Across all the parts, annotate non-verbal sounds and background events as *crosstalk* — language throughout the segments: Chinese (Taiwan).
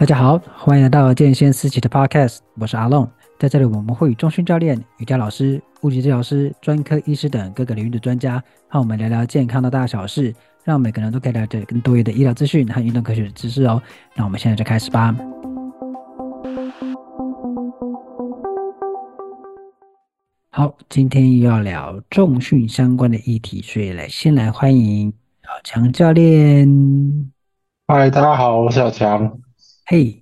大家好，歡迎來到健先思齊的 podcast，我是阿龍。在這裡，我們會與重訓教練、瑜伽老師、物理治療師、專科醫師等各個領域的專家，和我們聊聊健康的大小事，讓每個人都可以了解更多的醫療資訊和運動科學的知識哦。那我們現在就開始吧。好，今天又要聊重訓相關的議題，所以來先來歡迎小強教練。嗨，大家好，我是小強。嘿，hey,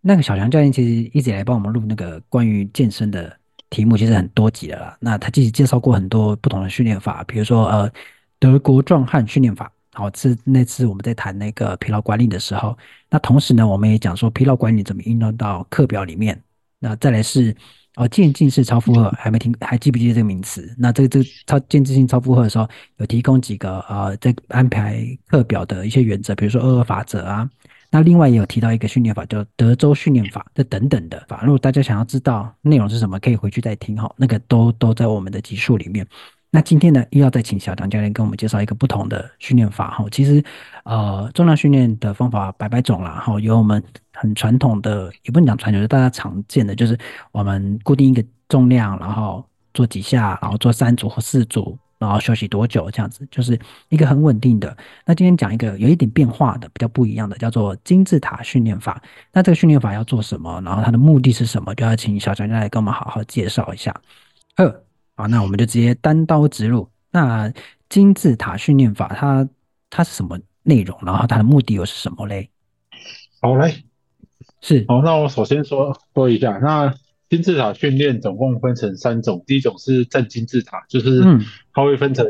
那個小強教練其實一直以來幫我們錄那個關於健身的題目，其實很多集了啦。那他其實介紹過很多不同的訓練法，比如說呃德國壯漢訓練法。好，是那次我們在談那個疲勞管理的時候，那同時呢，我們也講說疲勞管理怎麼運用到課表裡面。那再來是哦，呃、漸進式超負荷，還沒聽，還記不記得這個名詞？那這個這個超漸進性超負荷的時候，有提供幾個呃在安排課表的一些原則，比如說二二法則啊。那另外也有提到一個訓練法，叫德州訓練法這等等的法，如果大家想要知道內容是什麼，可以回去再聽哈，那個都都在我們的集數裡面。那今天呢，又要再請小強教練跟我們介紹一個不同的訓練法哈。其實，呃，重量訓練的方法百百種啦，哈，有我們很傳統的，也不能講傳統，就是大家常見的，就是我們固定一個重量，然後做幾下，然後做三組或四組。然後休息多久？這樣子就是一個很穩定的。那今天講一個有一點變化的，比較不一樣的，叫做金字塔訓練法。那這個訓練法要做什麼？然後它的目的是什麼？就要請小強教練來跟我們好好介紹一下。呃，好，那我們就直接單刀直入。那金字塔訓練法它它是什麼內容？然後它的目的又是什麼嘞？好嘞，是。好，那我首先說說一下，那。金字塔訓練總共分成三種，第一種是正金字塔，就是它會分成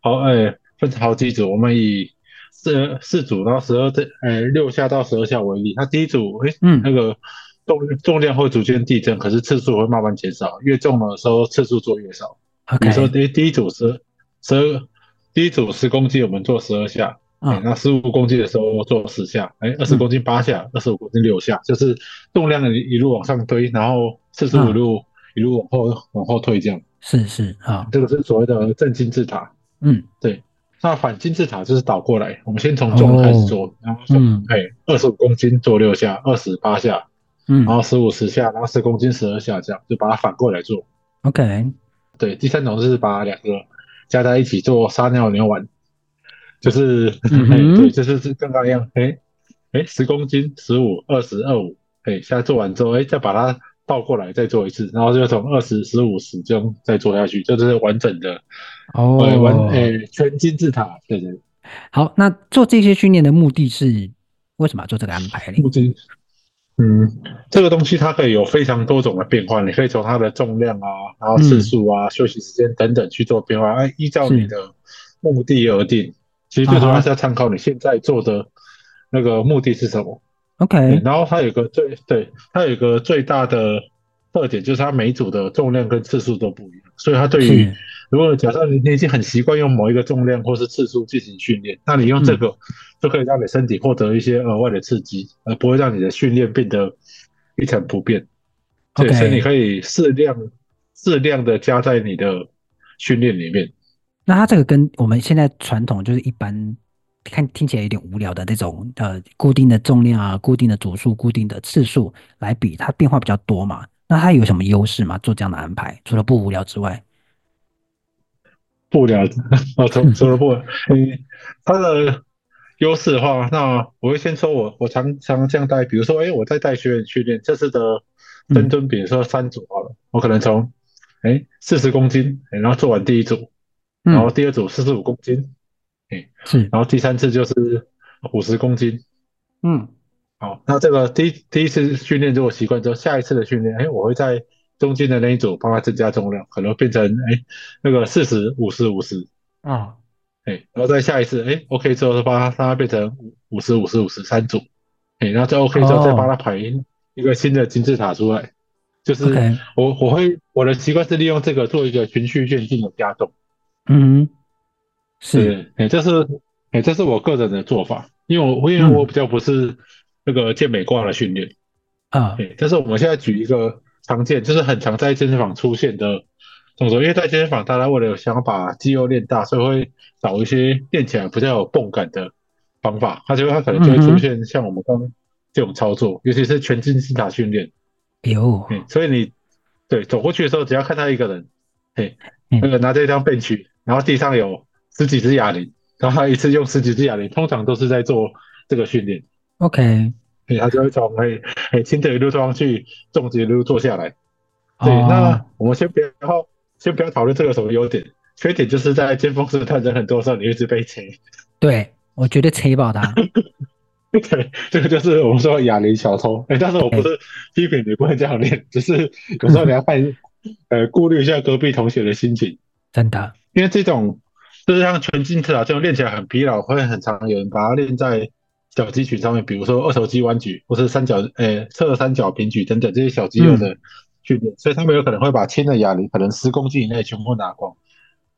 好哎、嗯哦欸、分成好幾組，我們以四四組，到十二這哎、欸、六下到十二下為例。它第一組哎、欸，那個重重量會逐漸遞增，嗯、可是次數會慢慢減少。越重的時候次數做越少。你 Okay. 說第第一組十十第一組十公斤，我們做十二下。嗯、那十五公斤的時候做十下，哎、欸，二十公斤八下，二十五公斤六下，就是重量一路往上推，然後四十五路、啊、一路往後往後退，這樣是是啊、嗯，這個是所謂的正金字塔。嗯，對。那反金字塔就是倒過來，我們先從重開始做，哦、然後從，哎，二十五公斤做六下，二十八下，嗯，然後十五十下，然後十公斤十二下，這樣就把它反過來做。OK。對，第三種就是把兩個加在一起做撒尿牛丸。就是、嗯，哼欸，對，就是是剛剛一樣，哎、欸，哎、欸，十公斤、十五、二十、二五，哎，現在做完之後，哎、欸，再把它倒過來再做一次，然後就從二十、十五、十這樣再做下去，這就是完整的哦對，完，哎、欸，全金字塔，對對，對。好，那做這些訓練的目的是為什麼要做這個安排呢？目的，嗯，這個東西它可以有非常多種的變化，你可以從它的重量啊，然後次數啊、嗯、休息時間等等去做變化，哎、欸，依照你的目的而定。是其實最重要是要參考你現在做的那個目的是什麼 okay。OK，然後它有個最對，它有個最大的特點就是它每一組的重量跟次數都不一樣，所以它對於、嗯、如果假設你已經很習慣用某一個重量或是次數進行訓練，那你用這個就可以讓你身體獲得一些額外的刺激，而不會讓你的訓練變得一成不變。對，okay, 所以你可以適量適量的加在你的訓練裡面。那它這個跟我們現在傳統就是一般看聽起來有點無聊的那種呃固定的重量啊，固定的組數、固定的次數來比，它變化比較多嘛？那它有什麼優勢嗎？做這樣的安排，除了不無聊之外，不了，聊、啊，我從除了不，嗯、欸，它的優勢的話，那我會先說我我常常這樣帶，比如說，哎、欸，我在帶學員訓練，這次的深蹲比，比如說三組啊，嗯、我可能從哎四十公斤、欸，然後做完第一組。然後第二組四十五公斤，哎是，然後第三次就是五十公斤，嗯，好，那這個第第一次訓練之後習慣之後，下一次的訓練，哎，我會在中間的那一組幫他增加重量，可能變成哎那個四十五十五十啊，哎，然後再下一次，哎，OK 之後是把它讓它變成五十五十五十三組，哎，然後再 OK 之後再把它排一個新的金字塔出來，哦、就是我我會我的習慣是利用這個做一個循序漸進的加重。嗯，是，哎，這是，哎，這是我個人的做法，因為我、嗯、因為我比較不是那個健美掛的訓練啊，但是我們現在舉一個常見，就是很常在健身房出現的動作，因為在健身房，大家為了想把肌肉練大，所以會找一些練起來比較有泵感的方法，他覺得他可能就會出現像我們剛剛這種操作，嗯嗯尤其是全肌金字塔訓練，哎呦、嗯，所以你對走過去的時候，只要看他一個人，嘿、嗯，那個拿着一張便簽，然後地上有十幾隻啞鈴，然後他一次用十幾隻啞鈴，通常都是在做這個訓練。OK，對，他就會從很很輕的一路上去，重的一路坐下來。Oh. 對，那我們先不要，然後先不要討論這個什麼優點，缺點就是在尖峰時段人很多的時候，你一直被催。對，我絕對催爆他。 *laughs* 對，這個就是我們說的啞鈴小偷。哎，但是我不是批評你不會這樣練，只 Okay. 是有時候你要犯， *laughs* 呃，顧慮一下隔壁同學的心情。真的。因為這種就是像全身性啊，這種練起來很疲勞，會很常有人把它練在小肌群上面，比如說二頭肌彎舉，或是三角誒側三角平舉等等這些小肌肉的訓練。嗯、所以他們有可能會把輕的啞鈴，可能十公斤以內全部拿光。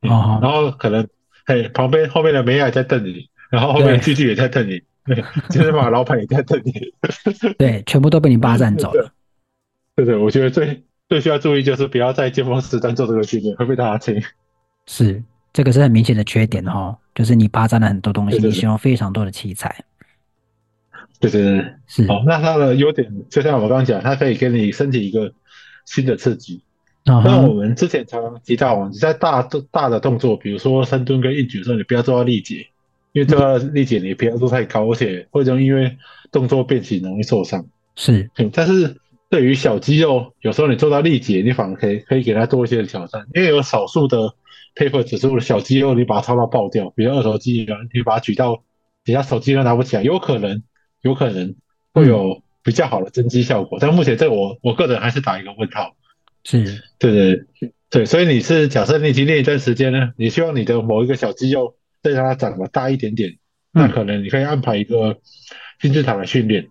啊、哦嗯。然後可能嘿，旁邊後面的梅雅也在瞪你，然後後面的巨巨也在瞪你，其實嘛老闆也在瞪你。 *laughs* 對，全部都被你霸占走了。對對，對，對，對，我覺得最最需要注意就是不要在巔峰時段做這個訓練，會被大家聽。是，這個是很明顯的缺點哦，就是你霸佔了很多東西，對對對，你需要非常多的器材。對對對，是。好、哦，那它的優點就像我剛剛講，它可以給你身體一個新的刺激。Uh huh、那我們之前常常提到，你在大大的動作，比如說深蹲跟硬舉的時候，你不要做到力竭，因為做到力竭你不要做太高，而且會容易因為動作變形容易受傷。是、嗯，但是對於小肌肉，有時候你做到力竭，你反而可以可以給他做一些挑戰，因為有少數的。paper 只是我的小肌肉，你把它操到爆掉，比如二頭肌啊，你把它舉到，人家手機都拿不起來，有可能，有可能會有比較好的增肌效果，嗯、但目前在我我個人還是打一個問號。是，對對對，是所以你是假設你已經練一段時間了，你希望你的某一個小肌肉再讓它長得大一點點，嗯、那可能你可以安排一個金字塔的訓練，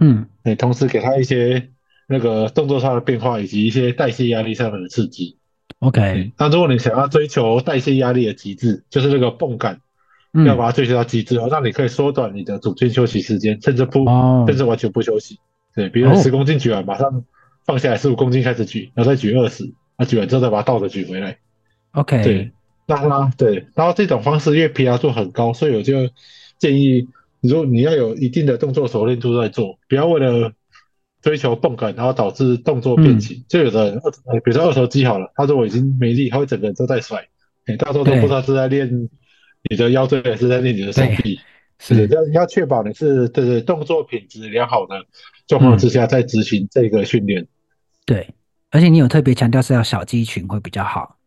嗯，你同時給它一些那個動作上的變化，以及一些代謝壓力上面的刺激。OK，那如果你想要追求代謝壓力的極致，就是那個泵感，要把它追求到極致哦，那、嗯、你可以縮短你的組間休息時間，甚至不，甚至、哦、完全不休息。對，比如十公斤舉完、哦、馬上放下來，十五公斤開始舉，然後再舉二十，舉完之後再把它倒着舉回來。OK，對，那它對，然後這種方式因為疲勞度很高，所以我就建議，如果你要有一定的動作熟練度再做，不要為了。追求泵感，然後導致動作變形，嗯、就有的人，比如說二頭肌好了，他說我已經沒力，他會整個人都在甩，大、嗯、到時候都不知道是在練你的腰椎還是在練你的手臂，是的，要要確保你是這個動作品質良好的狀況之下再執行、嗯、這個訓練。對，而且你有特別強調是要小肌群會比較好。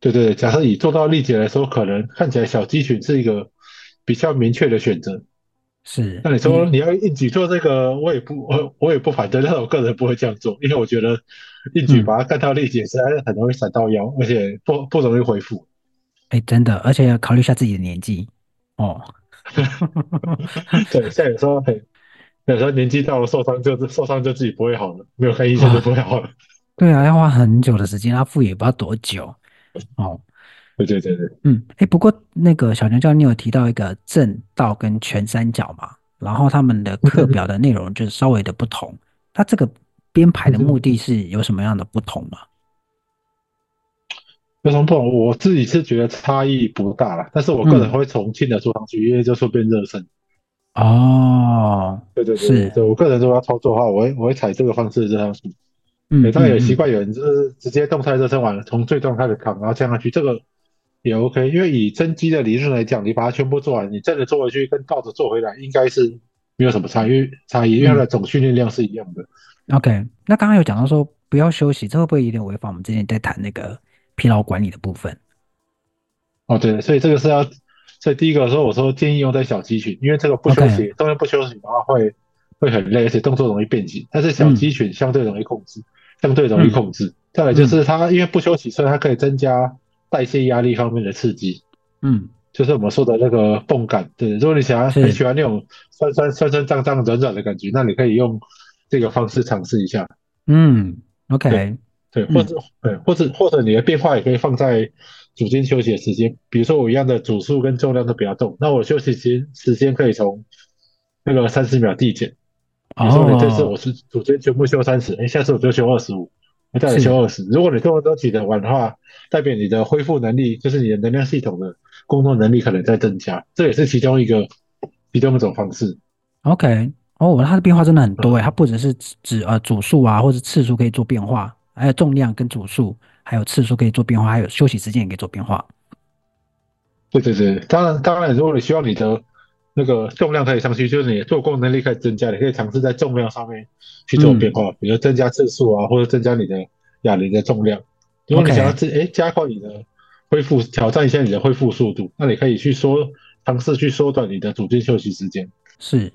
對對，假設以做到力竭來說，可能看起來小肌群是一個比較明確的選擇。是，那你說你要硬舉做這個，我也不我、嗯、我也不反對，但是我個人不會這樣做，因為我覺得硬舉把它幹到力竭，實在是很容易閃到腰，嗯、而且不不容易恢復。哎、欸，真的，而且要考慮一下自己的年紀哦。 *laughs* 對，像有時候有時候年紀到了，受傷就受傷就自己不會好了，沒有看醫生就不會好了，啊。對啊，要花很久的時間，要復原也不知道多久。哦。對對對對，嗯，哎、欸，不過那個小強教練，你有提到一個正道跟全三角嘛？然後他們的課表的內容就是稍微的不同，那 *laughs* 這個編排的目的是有什麼樣的不同嗎、啊？有什麼不同？我自己是覺得差異不大了，但是我個人會從輕的做上去，因為就順便熱身。哦，對對對，是對，我個人如果要操作的話，我會我會採這個方式熱上去。嗯，也當然有習慣有人就是直接動態熱身完了，從最重開始扛，然後扛下去這個。也 OK，因為以增肌的理論來講，你把它全部做完，你正着做回去跟倒着做回來，應該是沒有什麼差異，差異，因為差異，因為它的總訓練量是一樣的。嗯、OK，那剛剛有講到說不要休息，這會不會有點違反我們之前在談那個疲勞管理的部分？哦，對，所以這個是要，所以第一個說，我說建議用在小肌群，因為這個不休息，Okay 動，間不休息的話會會很累，而且動作容易變形。但是小肌群相對容易控制，嗯、相對容易控制。嗯、再來就是它因為不休息，所以它可以增加代謝壓力方面的刺激，嗯，就是我們說的那個泵感。對，如果你想要很喜歡那種酸酸是酸酸脹脹軟軟的感覺，那你可以用這個方式嘗試一下。嗯，OK，對，對，或者、嗯、對，或者或者你的變化也可以放在組間休息的時間。比如說我一樣的組數跟重量都比較重，那我休息時間時間可以從那個三十秒遞減。比如說你這次我是組間全部休三十、哦、你、欸、下次我就休二十五。再休息二十。如果你做麼多次的玩的話，是代表你的恢復能力，就是你的能量系統的工作能力可能在增加。這也是其中一個其中一種方式。OK，哦，它的變化真的很多欸，它不只是指呃組數啊或者次數可以做變化，還有重量跟組數，還有次數可以做變化，還有休息時間也可以做變化。對對對，當然當然，如果你需要你的。那個重量可以上去，就是你做功能力可以增加，你可以嘗試在重量上面去做變化，嗯、比如增加次數啊，或者增加你的啞鈴的重量。如果你想要自哎 Okay. 加快你的恢復，挑戰一下你的恢復速度，那你可以去縮嘗試去縮短你的組間休息時間。是，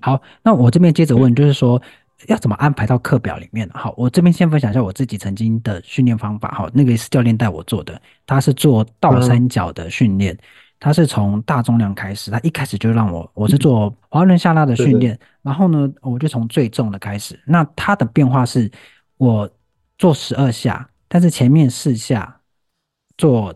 好，那我這邊接着問，就是說、嗯、要怎麼安排到課表裡面？好，我這邊先分享一下我自己曾經的訓練方法。好，那個是教練帶我做的，他是做倒三角的訓練。嗯他是從大重量開始，他一開始就讓我，我是做滑輪下拉的訓練，嗯、對對然後呢，我就從最重的開始。那他的變化是，我做十二下，但是前面四下做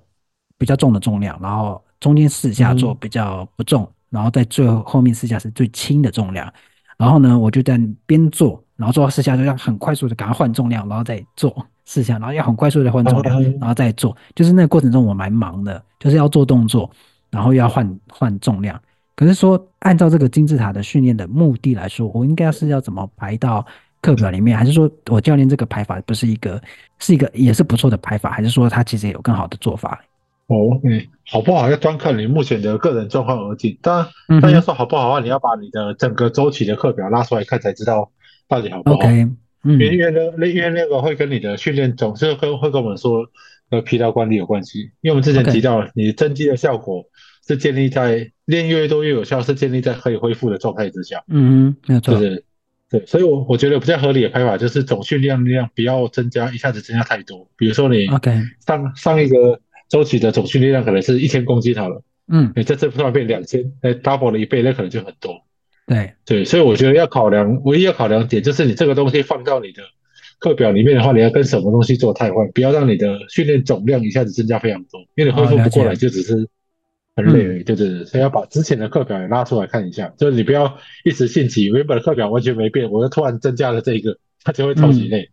比較重的重量，然後中間四下做比較不重，嗯、然後在最後後面四下是最輕的重量。然後呢，我就在邊做，然後做到四下就要很快速的趕快換重量，然後再做四下，然後要很快速的換重量，然後再做。嗯、就是那個過程中我蠻忙的，就是要做動作。然後要換換重量，可是說按照這個金字塔的訓練的目的來說，我應該是要怎麼排到課表裡面？還是說我教練這個排法不是一個，是一個也是不錯的排法？還是說他其實也有更好的做法？哦，嗯，好不好，要專看你目前的個人狀況而定。但、嗯、哼但要說好不好啊，你要把你的整個周期的課表拉出來看才知道到底好不好。Okay, 嗯、因為呢、那個，因為那個會跟你的訓練總是會跟會跟我們說。和疲勞管理有關係，因為我們之前提到你增肌的效果是建立在練越，越多越有效，是建立在可以恢復的狀態之下。嗯，嗯，嗯。對。就是，對，所以，我我覺得比較合理的排法就是總訓練量，量不要增加一下子增加太多。比如說你上，OK，上上一個週期的總訓練量可能是一千公斤好了，嗯，你在這方面變兩千，哎，double 了一倍，那可能就很多。對對，所以我覺得要考量，唯一要考量點就是你這個東西放到你的。課表裡面的話，你要跟什麼東西做太快？不要讓你的訓練總量一下子增加非常多，因為你恢復不過來，就只是很累。啊嗯、對對對，所以要把之前的課表也拉出來看一下，嗯、就是你不要一時興起，我原本的課表完全沒變，我又突然增加了這一個，它就會超級累。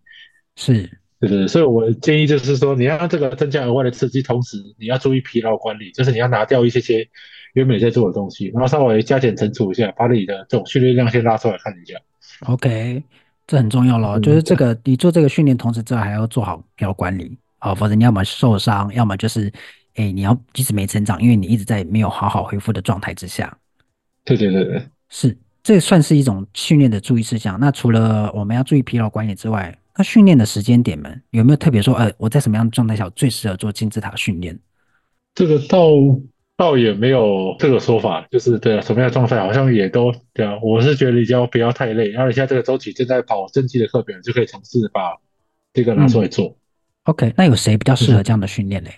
是，嗯、對對對，所以我建議就是說，你要讓這個增加額外的刺激，同時你要注意疲勞管理，就是你要拿掉一些些原本在做的東西，然後稍微加減乘除一下，把你的總訓練量先拉出來看一下。OK。這很重要咯，就是這個你做這個訓練，同時之外還要做好疲勞管理啊，否則你要麼受傷，要麼就是哎，你要即使沒成長，因為你一直在沒有好好恢復的狀態之下。對對對對，是，這算是一種訓練的注意事項。那除了我們要注意疲勞管理之外，那訓練的時間點呢，有沒有特別說，呃，我在什麼樣的狀態下最適合做金字塔訓練？這個到。倒也沒有這個說法，就是對、啊、什麼樣的狀態好像也都對啊。我是覺得比較不要太累，然後你現在這個週期正在跑正績的課表，就可以嘗試把這個拿出來做。嗯、OK，那有誰比較適合這樣的訓練呢？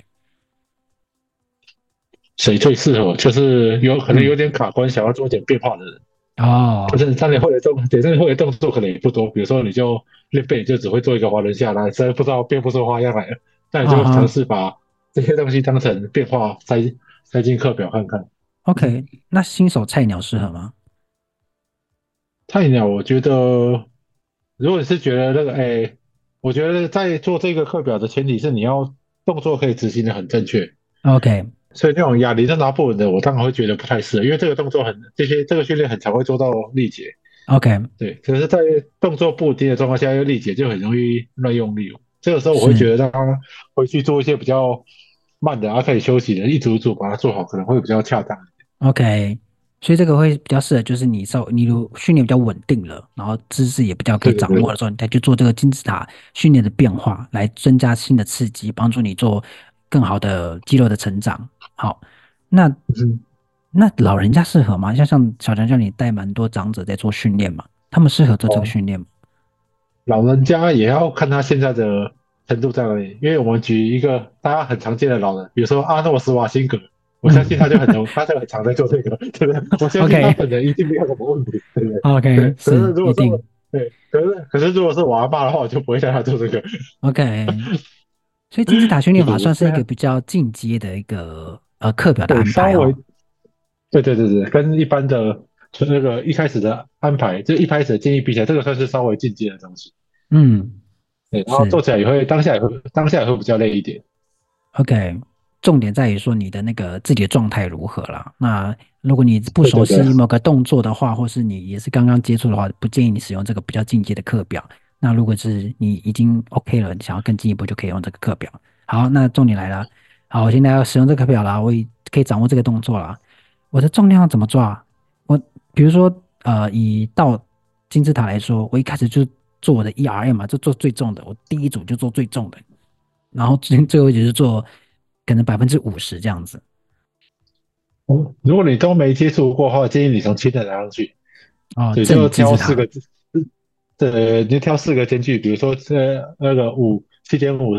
誰、嗯、最適合？就是有可能有點卡關，想要做一點變化的人啊。不、嗯、是他會的，但你後來做，但你後來動作可能也不多。比如說，你就練背，就只會做一個滑輪下來，所以不知道變不出花樣來，那你就嘗試把這些東西當成變化在。再進課表看看。OK，那新手菜鳥適合嗎？菜鳥，我覺得，如果你是覺得那個，哎、欸，我覺得在做這個課表的前提是你要動作可以執行得很正確。OK，所以這種壓力是拿不穩的，我當然會覺得不太適合，因為這個動作很這些這個訓練很常會做到力竭。OK，對，可是，在動作不低的狀況下又力竭，就很容易亂用力。這個時候我會覺得讓他回去做一些比較。慢的，啊，可以休息的，一組一組把它做好，可能會比較恰當。OK，所以這個會比較適合，就是你做，你如訓練比較穩定了，然後姿勢也比較可以掌握的時候，對對對，你再去做這個金字塔訓練的變化，來增加新的刺激，幫助你做更好的肌肉的成長。好，那、嗯、那老人家適合嗎？像像小強教你帶蠻多長者在做訓練嘛，他們適合做這個訓練嗎、哦？老人家也要看他現在的。程度在哪裡？因為我們舉一個大家很常見的老人，比如說阿諾斯瓦辛格，我相信他就很能， *laughs* 他就很常在做這個，對不對？我相信他本人一定沒有什麼問題，對不 Okay, 對？OK，是。肯定。對，可是可是，如果是我阿爸的話，我就不會讓他做這個。OK。 *laughs* 所以金字塔訓練法算是一個比較進階的一個、啊、呃課表的安排、哦、對,對對對對，跟一般的就那個一開始的安排，就一開始的建議比起來，這個算是稍微進階的東西。嗯。然後做起來也會是當下也會當下也會比較累一點。OK，重點在於說你的那個自己的狀態如何了。那如果你不熟悉某個動作的話，對對對或是你也是剛剛接觸的話，不建議你使用這個比較進階的課表。那如果是你已經 OK 了，你想要更進一步，就可以用這個課表。好，那重點來了。好，我現在要使用這個課表了，我可以掌握這個動作了。我的重量要怎麼抓？我比如說，呃，以倒金字塔來說，我一開始就。做我的 ERM 嘛，就做最重的。我第一組就做最重的，然後最最後一組就是做可能百分之五十這樣子。嗯，如果你都沒接觸過的話，建議你從輕的拿上去。啊，你就挑四個，對，你就挑四個間距，比如說呃那個五七點五，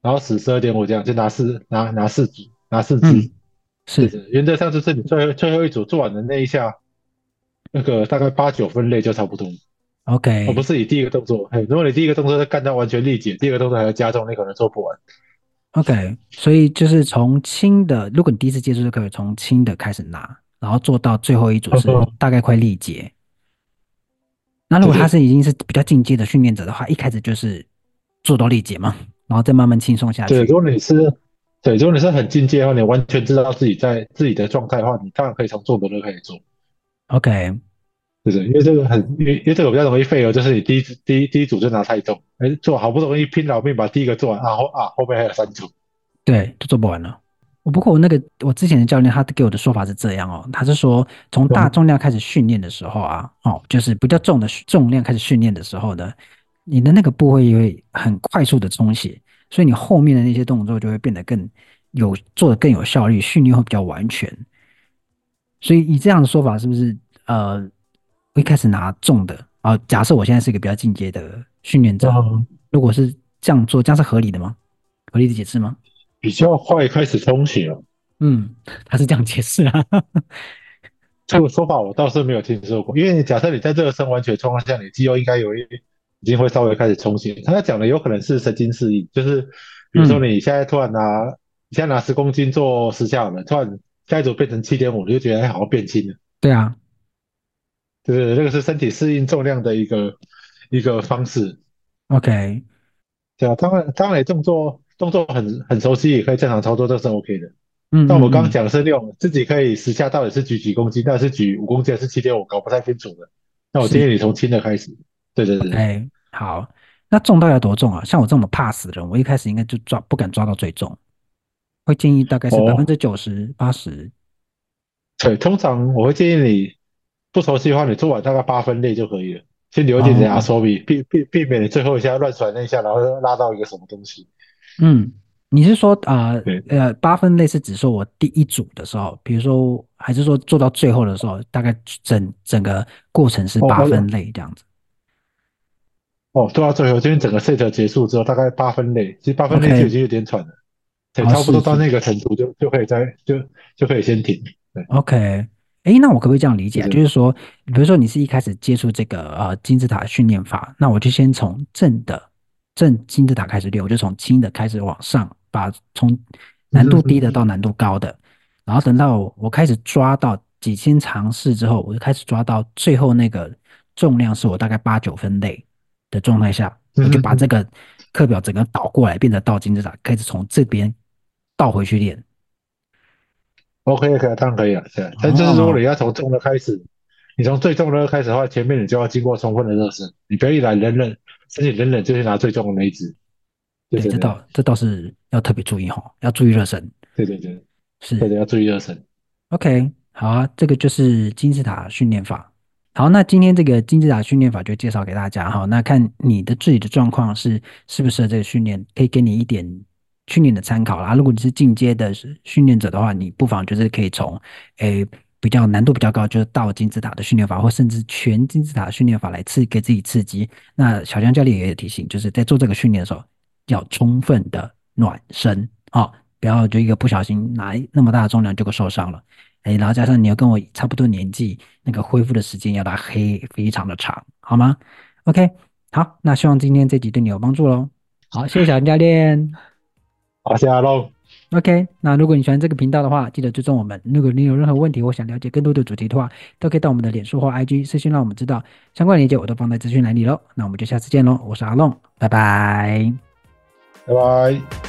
然後十十二點五這樣，就拿四拿拿四組拿四組。嗯，4, 是，是，原則上就是你最後最後一組做完的那一下，那個大概八九分累就差不多。OK，我不是以第一個動作。嘿，如果你第一個動作是幹到完全力竭，第二個動作還要加重，你可能做不完。OK，所以就是從輕的，如果你第一次接觸就可以從輕的開始拿，然後做到最後一組時候大概快力竭。呵呵，那如果他是已經是比較進階的訓練者的話，是一開始就是做到力竭嘛，然後再慢慢輕鬆下去。對，如果你是，對，如果你是很進階的話，你完全知道自己在自己的狀態的話，你當然可以從重的都可以做。OK。是，因為這個很，因為這個比較容易廢哦。就是你第一組，第一第一組就拿太重，哎、做好不容易，拼老命把第一個做完，然後啊，後面、啊、還有三組，對，就做不完了。我不過我那個我之前的教練他給我的說法是這樣哦，他是說從大重量開始訓練的時候啊，嗯、哦，就是比較重的重量開始訓練的時候呢，你的那個部位也會很快速的充血，所以你後面的那些動作就會變得更有做得更有效率，訓練會比較完全。所以以這樣的說法是不是呃？一開始拿重的啊、哦，假設我現在是一個比較進階的訓練者，嗯、如果是這樣做，這樣是合理的嗎？合理的解釋嗎？比較快開始充血了。嗯，他是這樣解釋啊。 *laughs* 這個說法我倒是沒有聽說過，因為你假設你在這個熱身完全狀況下，你肌肉應該有一定會稍微開始充血。他講的有可能是神經適應，就是比如說你現在突然拿，嗯、你現在拿十公斤做十下了，突然下一組變成七點五，你就覺得好像變輕了。對啊。對,對,對，那個是身體適應重量的一個一個方式。OK，對啊，當然，當然動作動作很很熟悉，也可以正常操作，都是 OK 的。嗯,嗯,嗯，那我剛剛講的是那種自己可以試下到底是舉幾公斤，但是舉五公斤還是七點五，我搞不太清楚的。那我建議你從輕的開始。是對,對對對。哎，okay. 好，那重到底有多重啊？像我這麼怕死的人，我一開始應該就抓，不敢抓到最重，會建議大概是百分之九十八十。Oh. 對，通常我會建議你。不熟悉的話，你做完大概八分類就可以了，先留一點點阿膠米，避避避免你最後一下亂甩。那一下，然後拉到一個什麼東西。嗯，你是說啊，呃，八對、呃、分類是指說我第一組的時候，比如說，還是說做到最後的時候，大概整整個過程是八分類這樣子哦、那個哦，做到最後，今天整個 set 結束之後，大概八分類，其實八分類 Okay. 就已經有點喘了，oh, 差不多到那個程度就是是是就可以再就就，就可以先停。o、okay. k 哎，欸、那我可不可以這樣理解？就是說，比如說你是一開始接觸這個呃金字塔訓練法，那我就先從正的正金字塔開始練，我就從輕的開始往上，把從難度低的到難度高的，然後等到我開始抓到幾經嘗試之後，我就開始抓到最後那個重量是我大概八九分累的狀態下，我就把這個課表整個倒過來，變成倒金字塔，開始從這邊倒回去練。OK，可以，當然可以了。對、yeah.，oh, 但就是如果你要從重的開始，哦、你從最重的開始的話，前面你就要經過充分的熱身，你不要一來冷冷，身體冷冷就去拿最重的那一支。對、對、對，這倒這倒是要特別注意哈，要注意熱身。對對對，是對的，要注意熱身。OK，好啊，這個就是金字塔訓練法。好，那今天這個金字塔訓練法就介紹給大家哈。那看你的自己的狀況，是適不適合這個訓練可以給你一點。訓練的參考啦，如果你是進階的訓練者的話，你不妨就是可以從誒比較難度比較高，就是倒金字塔的訓練法，或甚至全金字塔的訓練法來刺給自己刺激。那小強教練也有提醒，就是在做這個訓練的時候要充分的暖身啊、哦，不要就一個不小心拿那麼大的重量就會受傷了。誒，然後加上你要跟我差不多年紀，那個恢復的時間要拉黑非常的長，好嗎？OK，好，那希望今天這集對你有幫助嘍。好，謝謝小強教練。 *laughs* 好，謝阿龍。OK，那如果你喜歡這個頻道的話，記得追蹤我們。如果你有任何問題，或想了解更多的主題的話，都可以到我們的臉書或 IG 私信讓我們知道。相關鏈接我都放在資訊欄裡了。那我們就下次見嘍，我是阿龍，拜拜，拜拜。